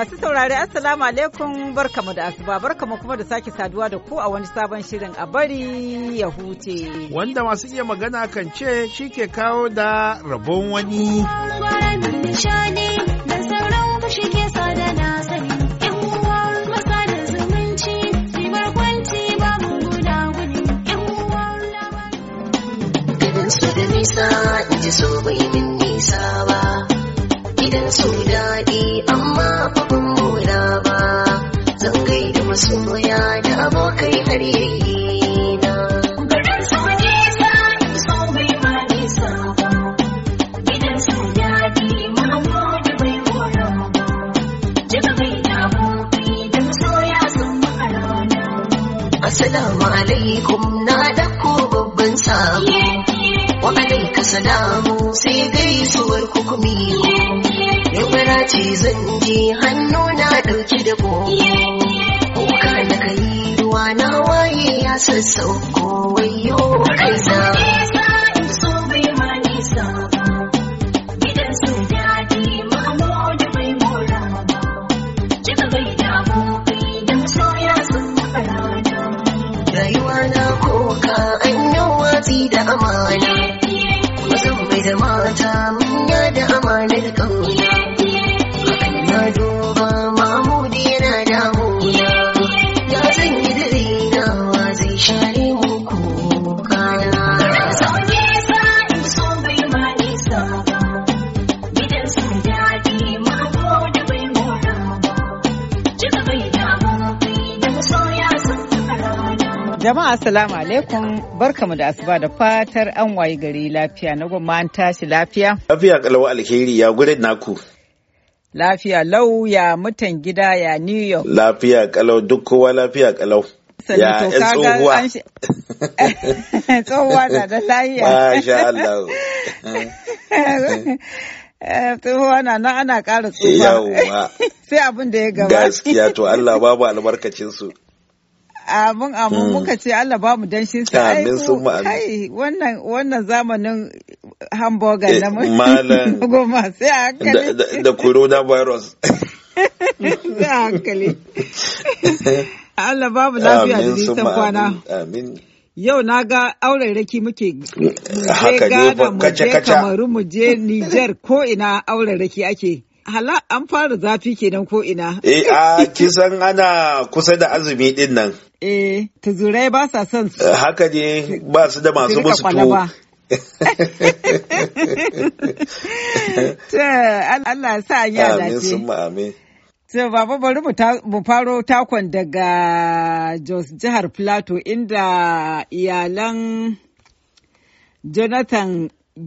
Masu saurari Assalamu alaikum barkamu da asuba barkamu kuma da sake saduwa da ku a wani sabon shirin a bari ya huce. Wanda masu iya magana kan ce shi ke kawo da rabon wani. Nisa, in ji so bai min nisa ba. gidan su daɗi amma babban mora ba zan gaida masoya da abokai har yayi na. Garin su nisa, so bai ma nisa ba, gidan su daɗi ma'amo da bai mora ba, jika gaida abokai da masoya sun ma'arana. Assalamu alaikum na dako babban samu. Wa alaika salamu sai gaisuwar kukumi. Yaudara ce zan je hannu na ɗauki da gobe. Kuka na kai ruwa na waye ya sassauko wayo kai za. So bai ma nisa gidan su daɗi ma'amo da bai mora ba. Jika bai damu bai dan soya sun farada. Rayuwa na koka an watsi da amana. Mazan bai da mata manya da amanar ƙauna. Jama'a salamu alaikum barkamu da asuba da fatar an wayi gari lafiya na gwamma an tashi lafiya. Lafiya kalawa alheri ya gudun naku. Lafiya lau ya mutan gida ya New York. Lafiya kalau duk kowa lafiya kalau. Ya yan tsohuwa. Tsohuwa na da lahiya. Masha Allah. Eh, tsohuwa na na ana ƙara tsohuwa. Sai abin da ya gaba. Gaskiya to Allah babu albarkacinsu. amin amin hmm. muka ce Allah ba mu dan sa. sai sun ma Wannan wannan zamanin hamburger eh, na mu. Malam. sai a hankali. Da corona virus. Sai a hankali. Allah ba mu lafiya da nisan kwana. Amin. Yau na ga raki muke je Ghana mu je Kamaru mu je Nijar ko ina raki ake. hala an fara zafi kenan ko ina. Eh a kisan ana kusa da azumi din nan. Eh tuzurai ba sa son su. Eh, haka ne ba su da masu musu Ta Allah sa ya dace. Amin amin. So, baba bari mu faro takon daga Jos jihar Plateau inda iyalan Jonathan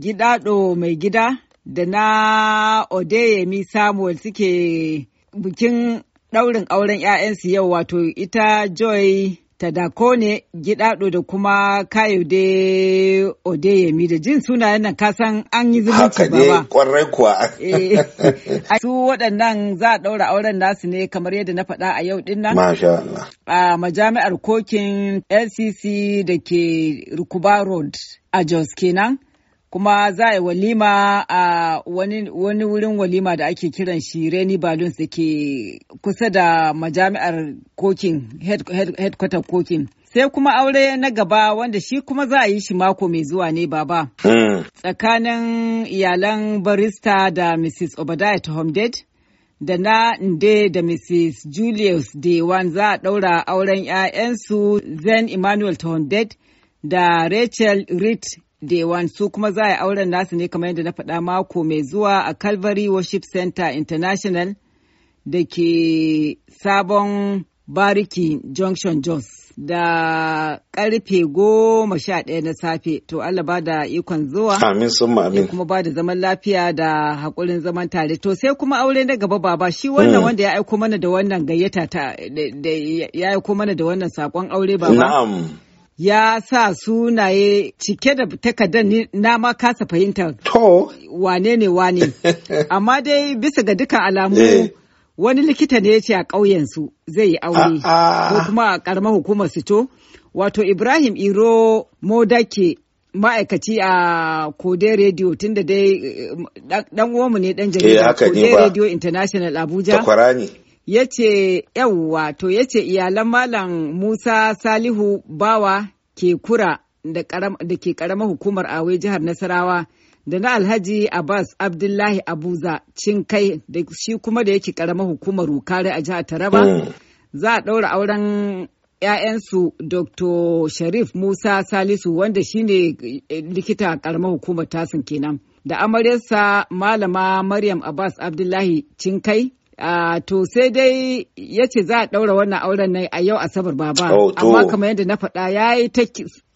Gidado mai gida da na Odeyemi Samuel suke bikin ɗaurin auren 'ya'yansu yau wato ita Joy Tadakone Gidado da kuma Kayode Odeyemi da jin sunayen nan kasan an yi zumunci ba ba. kwarai kuwa. Eh. Su waɗannan za a ɗaura auren nasu ne kamar yadda na faɗa a yau ɗin nan. Masha Allah. A majami'ar kokin LCC da ke Rukuba Road a Jos kenan. kuma za a yi walima a wani wurin walima da ake kiran shi Reni Balloons da ke kusa da majami'ar kokin headquarter kokin. Sai kuma aure na gaba wanda shi kuma za a yi shi mako mai zuwa ne baba. Hmm. Tsakanin iyalan barista da Mrs. Obadiah Tohomdade da na nde da Mrs. Julius Dewan za a ɗaura auren 'ya'yansu Zen Emmanuel Tohomdade da Rachel Reed Dewan su kuma za a auren nasu ne kamar yadda na faɗa mako mai zuwa a Calvary Worship Center International da ke sabon bariki Junction Jos da karfe goma sha ɗaya na safe to Allah ba da ikon zuwa. Amin sun amin. kuma ba da zaman lafiya da haƙurin zaman tare to sai kuma aure na gaba baba shi wannan mm. wanda ya aiko mana da wannan gayyata ta ya aiko mana da wannan saƙon aure baba. Na'am. ya sa sunaye cike da takardar na ma kasa fahimta. To. Wane ne wane. Amma dai bisa ga duka alamu eh. wani likita ne ya ce a ƙauyensu zai yi aure ah, ah. ko kuma a ƙaramar hukumar su to. Wato Ibrahim Iro Modake ma'aikaci a Kode Radio tun dai dan eh, uwanmu ne dan jarida eh, Kode Radio International Abuja. ya ce yawwa to ya iyalan malam musa salihu bawa ke kura da ke karamar hukumar awe jihar nasarawa da na alhaji abbas abdullahi abuza cinkai da shi kuma da yake karamar hukumar rukare a jihar taraba hmm. za a ɗaura auren 'ya'yansu dr sharif musa salisu wanda shine eh, likita karamar hukumar tasin kenan da amaryarsa malama maryam abbas abdullahi cinkai to sai dai ya ce za a ɗaura wannan auren nan a yau asabar baba oh, amma kamar yadda na faɗa ya yi ta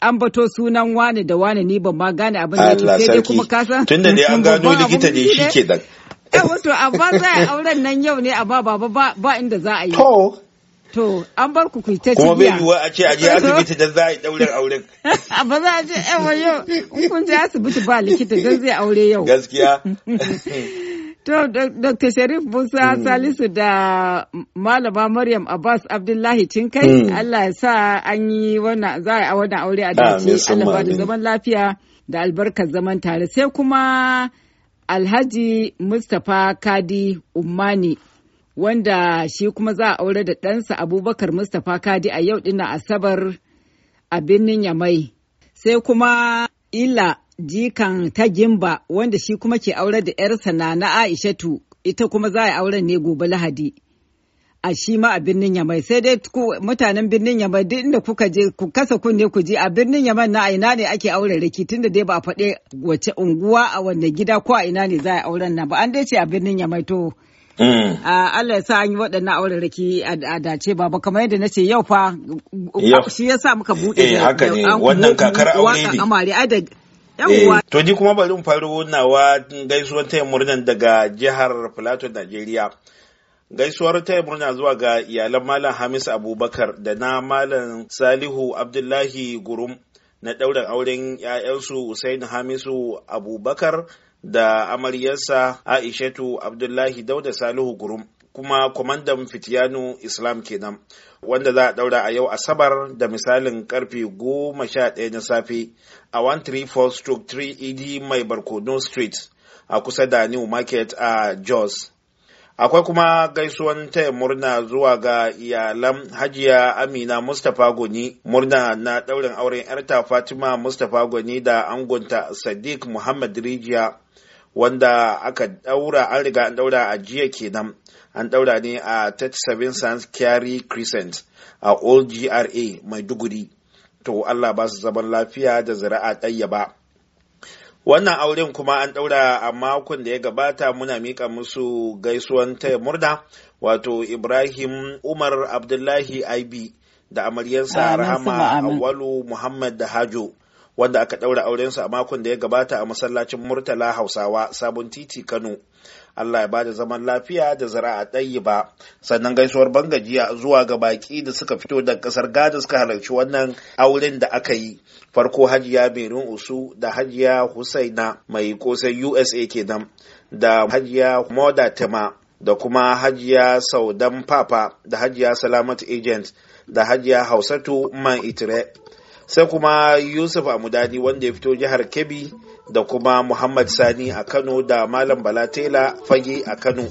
ambato sunan wane da wane ni ban ma gane abin da ya sai dai kuma kasan tun da dai an gano likita ne shi ke dan wato amma za a auren nan yau ne amma baba ba inda za a yi To, an bar ku kuita Kuma bai yiwuwa a ce a je asibiti don za a yi ɗaurin auren. Ba za a ce, yawa yau, kun je asibiti ba likita don zai aure yau. Gaskiya. To, Dr. Sharif Musa mm. Salisu da Malama Maryam Abbas Abdullahi Cinkai, mm. Allah ya sa an yi wannan za a wannan aure a dace Allah da zaman lafiya da albarkar zaman tare. Sai kuma Alhaji Mustapha Kadi Ummani wanda shi kuma za a aure da ɗansa Abubakar Mustapha Kadi a yau ɗina Asabar a birnin Yamai. Sai kuma Ila jikan ta gimba wanda shi kuma ke aure da 'yarsa na na aishatu ita kuma za a auren ne gobe lahadi a shi ma a birnin yamai sai dai mutanen birnin yamai duk inda kuka je ku kasa kunne ku je a birnin yamai na ina ne ake auren riki tunda dai ba a faɗe wace unguwa a wanne gida ko a ina ne za a auren nan ba an dai ce a birnin yamai to mm. Allah ya sa an yi waɗannan auren riki a dace ba ba kamar yadda na ce yau fa shi ya sa muka buɗe eh, haka ne wannan kakar aure ne Eh, to ni kuma bari in faro nawa gaisuwar taya murnan daga jihar Filato, Najeriya. Gaisuwar taya murna zuwa ga iyalan Malam Hamis Abubakar da na Malam Salihu Abdullahi Gurum na ɗaurin auren 'ya'yansu Usain Hamisu Abubakar da amaryarsa Aishatu Abdullahi Dauda Salihu Gurum. kuma kwamandan fitiyanu islam kenan wanda za a daura a yau asabar da misalin karfe goma sha ɗaya na safe a 134-3 ed mai barkono street a kusa da new market a jos akwai kuma gaisuwan taya murna zuwa ga iyalan hajiya amina mustapha goni murna na ɗaurin auren 'yarta fatima mustapha goni da angonta sadiq muhammad rijiya wanda aka daura an riga an daura a jiya kenan an daura ne a 37 sans carry Crescent a Old GRA duguri, to Allah ba su zaman lafiya da zira'a ɗayya ba wannan auren kuma an daura a makon da ya gabata muna mika musu gaisuwan taya murna wato ibrahim umar abdullahi ib da amaryarsa rahama awalu muhammad da hajo wanda aka ɗaura aurensa a makon da ya gabata a masallacin murtala hausawa sabon titi kano allah ya bada zaman lafiya da zara'a ɗayi ba sannan gaisuwar ban gajiya zuwa ga baki da suka fito daga ƙasar gada suka halarci wannan auren da aka yi farko hajiya berin usu da hajiya husaina mai kosai usa kenan da hajiya moda tema da kuma hajiya saudan papa da hajiya salamat agent da hajiya hausatu man itire sai kuma yusuf amudani wanda ya fito jihar kebbi da kuma muhammad sani a kano da malam bala tela fage a kano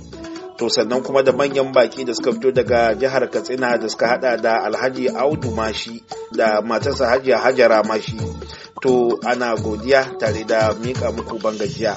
to sannan kuma da manyan baki da suka fito daga jihar katsina da suka hada da alhaji audu mashi da matarsa hajiya hajara mashi to ana godiya tare da mika muku bangajiya.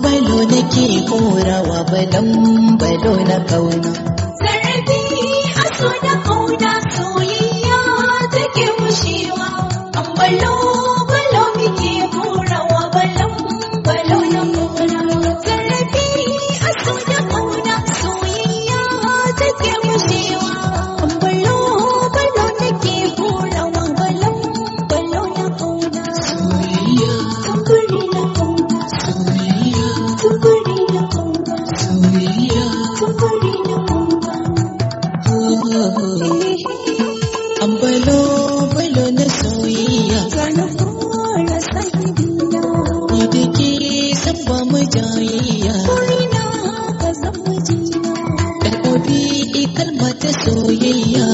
balo nake korawa balon balo na kauna Lord. दिया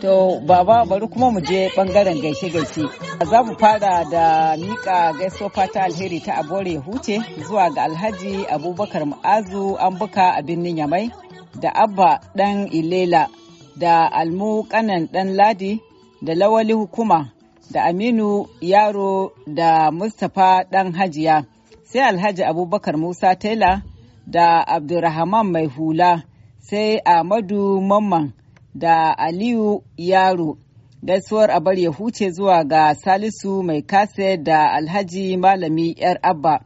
To baba bari kuma mu je bangaren gaishe-gaishe. Za mu fara da mika gaisofa fata alheri ta abore huce zuwa ga alhaji abubakar mu'azu an buka a birnin yamai da abba dan ilela da almu kanan dan ladi da lawali hukuma da aminu yaro da mustapha dan hajiya sai alhaji abubakar musa taila da abdurrahman mai hula sai ahmadu mamman da Aliyu Yaro. Gaisuwar a bar ya huce zuwa ga Salisu Mai Kase da Alhaji Malami ‘yar Abba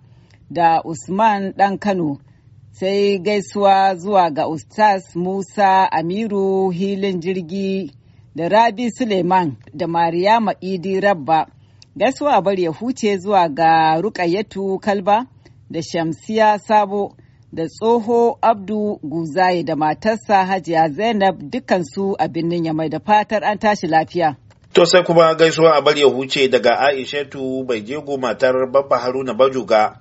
da Usman ɗan Kano. Sai gaisuwa zuwa ga Ustaz Musa Amiru Hilin Jirgi da Rabi Suleiman da Mariyama Idi Rabba. Gaisuwa a bar ya huce zuwa ga Rukayetu Kalba da Shamsiya Sabo da tsoho abdu guzaye da matarsa hajiya zainab dukansu a birnin yamai da fatar an tashi lafiya to sai kuma gaisuwa a bari ya huce daga aishatu bai jego matar babba haruna bajuga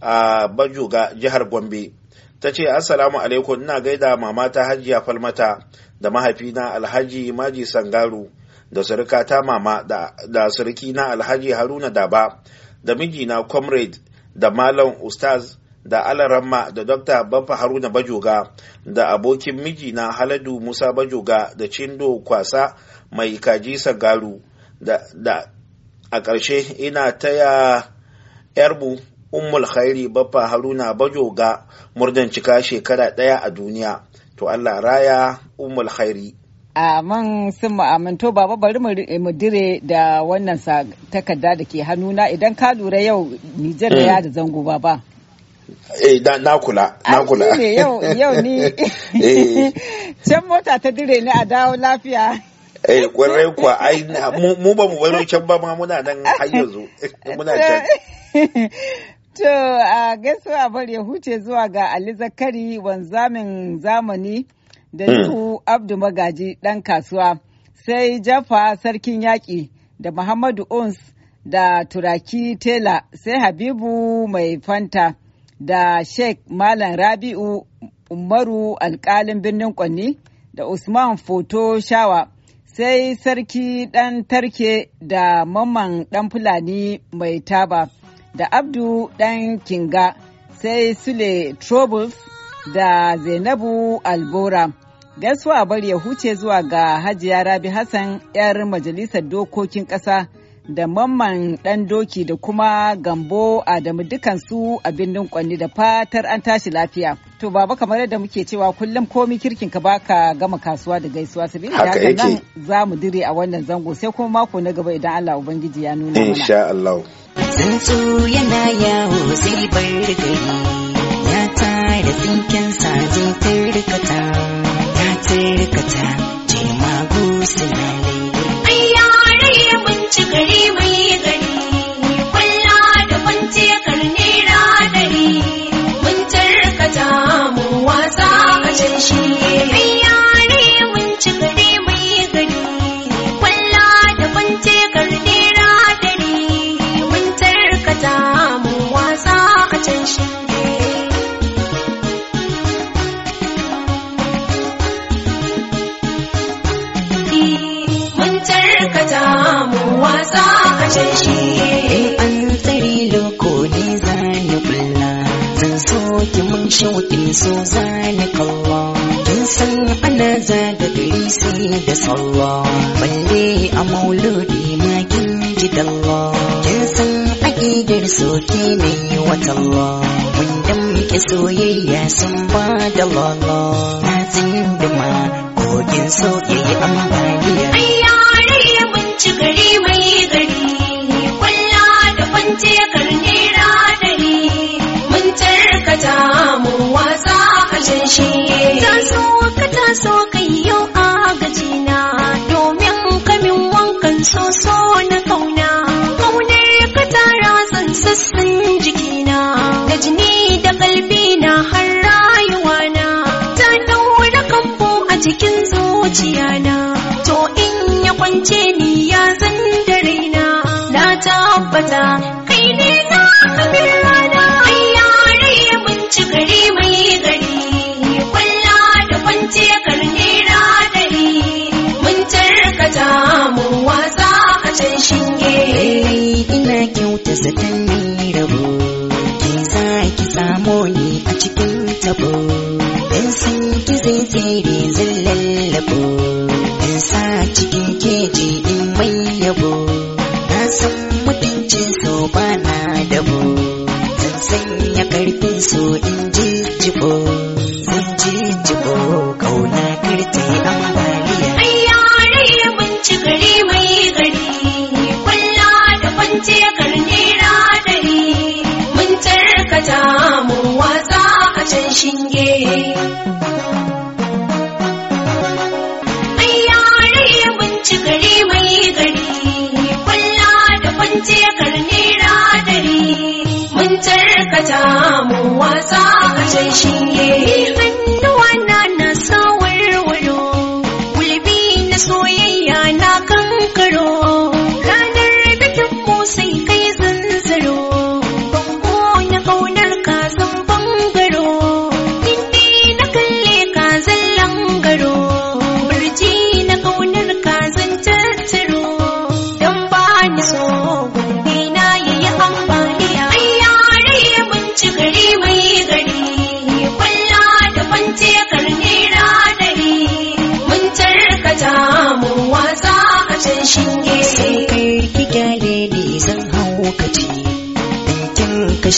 a bajuga jihar gombe ta ce assalamu alaikum ina gaida mamata hajiya falmata da mahaifina alhaji maji sangaru da surikata mama da surikina alhaji haruna daba da mijina comrade da malam ustaz da alaramma da dr bafa haruna bajoga da abokin miji na haladu musa bajoga da cindo kwasa mai kaji sagaru da, da a ƙarshe ina taya yarbu ummul khairi bafa haruna bajoga murdan cika shekara ɗaya a duniya to allah raya ummul khairi aman sun ma'amanto baba bari mu dire da wannan takarda da ke hannuna idan ka lura yau nijar da mm. ya da zango ba. eh na kula na kula yau yau ni eh. can mota ta dire ni a dawo lafiya eh kwarai kuwa ai mu ba mu bari can ba ma muna nan har yanzu muna can To a gaisuwa bar ya huce zuwa ga Ali Zakari wanzamin zamani da hmm. Nuhu Abdu Magaji ɗan kasuwa sai Jafa Sarkin Yaƙi da Muhammadu Ons da Turaki Tela sai Habibu Mai Fanta da Sheikh Malam Rabi'u Umaru alƙalin birnin Kwanni da Usman Foto Shawa sai Sarki ɗan Tarke da mamman ɗan Fulani mai taba da Abdu ɗan Kinga sai Sule Troubles da Zainabu Albora. Gaisuwa bari ya huce zuwa ga Hajiya Rabi Hassan 'yar Majalisar Dokokin Ƙasa. da mamman Dan doki da kuma gambo Adamu dukansu a birnin kwanni da fatar an tashi lafiya. To baba kamar yadda muke cewa kullum komi kirkin ka baka gama kasuwa da gaisuwa sabili da haka nan za mu dire a wannan zango sai kuma mako na gaba idan Allah Ubangiji ya nuna mana. Insha Allah. Tsuntsu yana yawo sai bar ya da tsinken sa zai tirkata ya tirkata za ka ce shi in eh, an tsare lokoli za ni kula zan soke mun shauƙin so za ni kalla san ana zaga sai da sallah balle a mauludi ma kin ji dalla kin san aƙidar soke ne watalla wanda muke soyayya sun ba da lala na tsinduma kogin soke ambaliya ci gari mai gari kwalla da kwance karne radari mun tarkata mun wasa a shi taso ka taso kai yau a na domin kamin wankan soso na kauna Ƙaunar ka tara zan sassan jikina da jini da kalbi na har na. ta daura kambo a jikin zuciya na. to in ya kwance ni tabbata kai ne na kafin rana ai yare mun ci gari mai gari kwalla da kwanciya karfin so in ji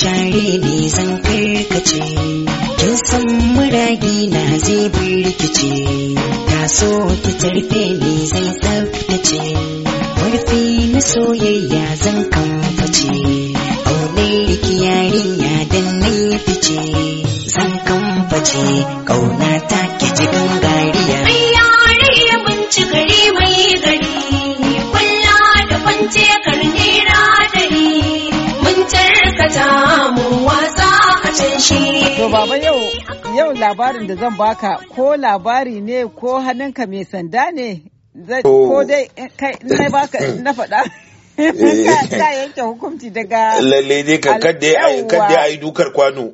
share ne zan karkace kin san muragi na zai birkice ka so ki tarfe ni shi. To baba yau yau labarin da zan baka ko labari ne ko hannunka mai sanda ne ko dai eh, kai na baka na faɗa. Eh. Ka yanke hukunci daga lalle ne ka kadda a yi dukar kwano.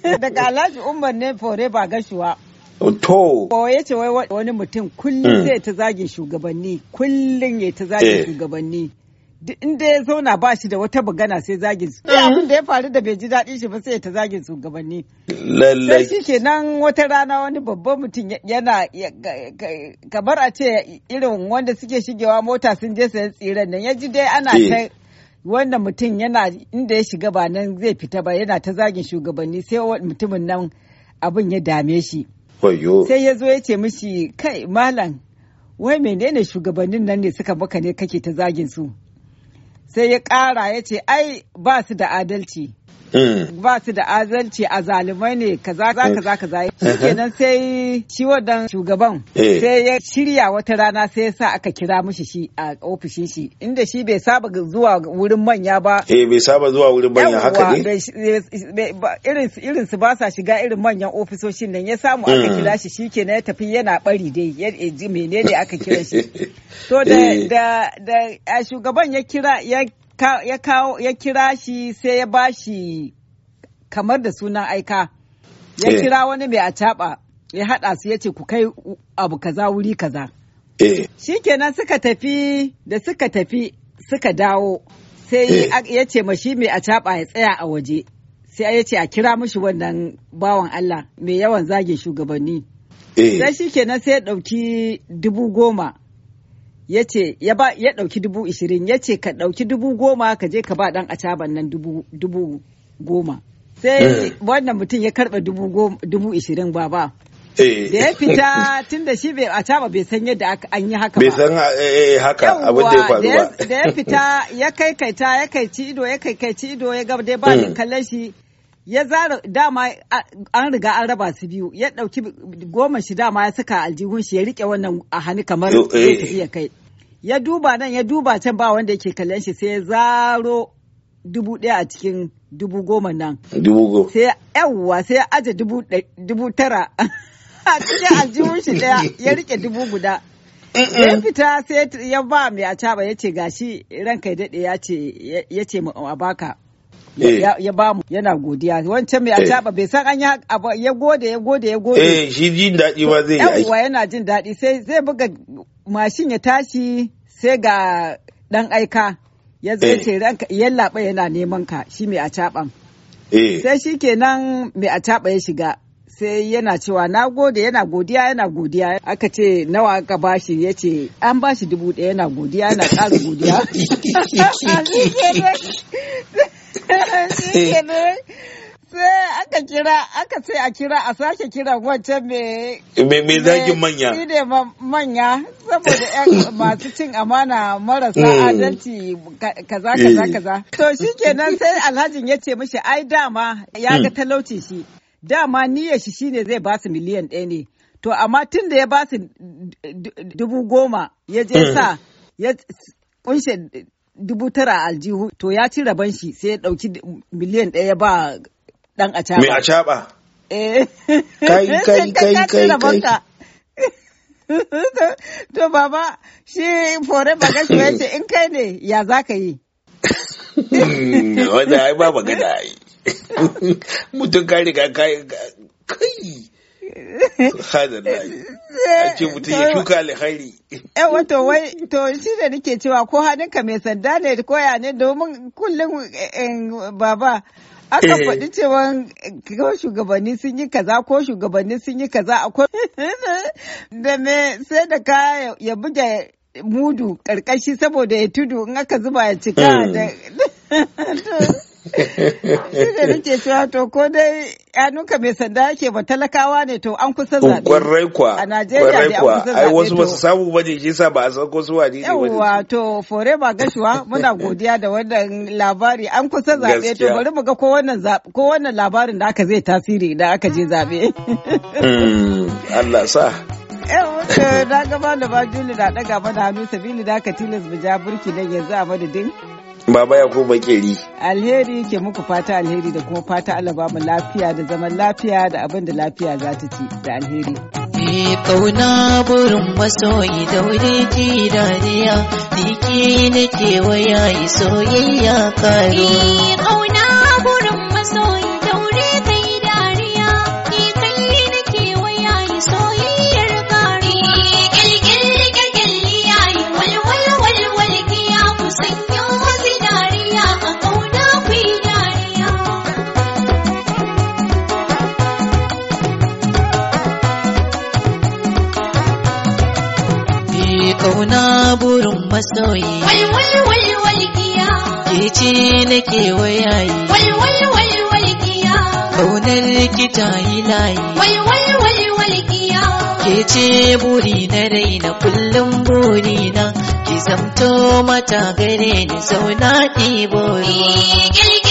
Daga Alhaji Umar ne fore ba gashuwa. To. Ko ya ce wai wani mutum kullum hmm. zai ta zage shugabanni kullum ya ta zage eh. shugabanni. inda ya zauna ba shi da wata bugana sai zagin su. Ah. abin da ya faru da bai ji daɗi shi ba sai ta zagin shugabanni. Lallai. Sai shi ke nan wata rana wani babban mutum yana kamar a ce irin wanda suke shigewa mota sun je sayan tsiren nan ya ji dai ana eh. ta wannan mutum yana inda ya shiga ba nan zai fita ba yana ta zagin shugabanni sai mutumin nan abin ya dame shi. Sai ya zo ya ce mishi kai malam wai menene shugabannin nan ne suka maka ne kake ta zagin su. sai ya ƙara ya ce ai ba su da adalci Mm. ba su da azanci a zalimai ne kaza kaza kaza kenan sai shi wadan shugaban eh. sai ya shirya wata rana sai ya sa aka kira mishi shi a ofishin shi inda shi bai saba zuwa wurin manya ba eh bai saba zuwa wurin manya haka ne irin irin su ba sa shiga irin manyan ofisoshin nan ya samu aka mm. kira shi shikenan ya tafi yana bari dai ya ji menene aka kira shi to da eh. da shugaban ya kira ya ya kawo ya kira shi sai ya bashi kamar da sunan aika ya eh. kira wani mai acaba ya haɗa su ya ce ku kai abu kaza wuri kaza eh. shikenan suka tafi da suka tafi suka dawo sai eh. ya ce mashi mai acaɓa ya tsaya a waje sai ya ce a kira mushi wannan bawan Allah mai yawan zagin shugabanni sai shikenan sai ya ɗauki dubu goma ya ce ya ba ya ɗauki dubu ishirin ya ce ka ɗauki dubu goma ka je ka ba ɗan caban nan dubu goma sai eh. wannan mutum ya karɓa dubu ishirin ba ba eh. da ya fita tun da shi bai caba bai san yadda an yi haka ba bai san eh, haka abin da ya faru ba da ya fita ya kai kaita ya kai ci ido ya kai kai ci ido ya gaba dai ba hmm. ni kallon shi ya zara dama an riga an raba su biyu ya dauki goma shi dama ya saka aljihun shi ya rike wannan a hannu kamar iya eh. kai ya duba nan ya duba can ba wanda yake kallon shi sai ya zaro dubu ɗaya a cikin dubu goma nan dubu goma sai yawwa sai ya aje dubu tara a cikin aljihun shi ɗaya ya rike dubu guda ya fita sai ya ba mai a ya ce gashi ranka ya dade ya ce a baka ya eh. ba mu yana godiya wancan mai eh. ataba bai san an ya gode ya gode ya gode eh shi jin daɗi ma zai yi yawa yana jin daɗi sai zai buga mashin ya tashi sai ga dan aika ya zai eh. ce ranka yallaba yana neman ka shi mai ataban sai shi kenan mai ataba ya shiga sai yana cewa na gode yana godiya yana godiya aka ce nawa aka bashi ya ce an bashi dubu ɗaya yana godiya yana ƙara godiya Eh. sai aka kira sai a kira a sake kira wancan me mai zagin manya shi ne manya saboda yan masu cin amana marasa mm. adalci kaza kaza eh. kaza to shikenan sai alhajin ya ce mishi ai dama ya ga mm. talauci shi dama niyyar shi shine zai ba su miliyan ɗaya ne to amma tun da ya ba su dubu goma ya je mm. sa ya kunshe dubu tara a aljihu to ya ci rabon shi sai ya ɗauki miliyan ɗaya ba ɗan a caba. Me a caba? Eh. Kai kai kai kai kai. To baba shi fore baga shi ya ce in kai ne ya za ka yi. Hmm, wanda ai ba magana yi. Mutum ka riga kai kai Subhanallah. Eh, eh, ce mutum ya shuka alkhairi. Eh wato wai to shi da nake cewa ko hannunka mai sanda ne ko ya ne domin kullum eh, baba aka faɗi cewa ko shugabanni sun yi kaza ko shugabanni sun yi kaza akwai da me sai da ka ya buga mudu karkashi saboda ya tudu in aka zuba ya cika hmm. da Shi da nake cewa to ko dai yanunka mai sanda yake ba talakawa ne to an kusa zaɓe. Kwarai kwa. A Najeriya ne an kusa zaɓe. Ai wasu ba su samu ba ne sa ba a san ko su wani ne ba. Yawwa to fore ba gashuwa muna godiya da wannan labari an kusa zaɓe to bari mu ga ko wannan labarin da aka zai tasiri da aka je zaɓe. Hmm, Allah sa. na gaba da ba juli na ɗaga mana hannu sabili da aka tilas mu ja burki nan yanzu a madadin Baba ya ko bakeri. Alheri ke muku fata alheri da kuma fata Allah ba mu lafiya da zaman lafiya da abin da lafiya za ta ci da alheri. Ni kauna burin masoyi da wuri ji dariya, ni ke waya yi soyayya karo. Ni kauna burin masoyi ki nake wayayi wai wai wai wai kiya kaunar ki ta yi layi wai wai wai wai kiya ke ce buri na raina kullum buri na ki zamto mata gare ni zauna ki bori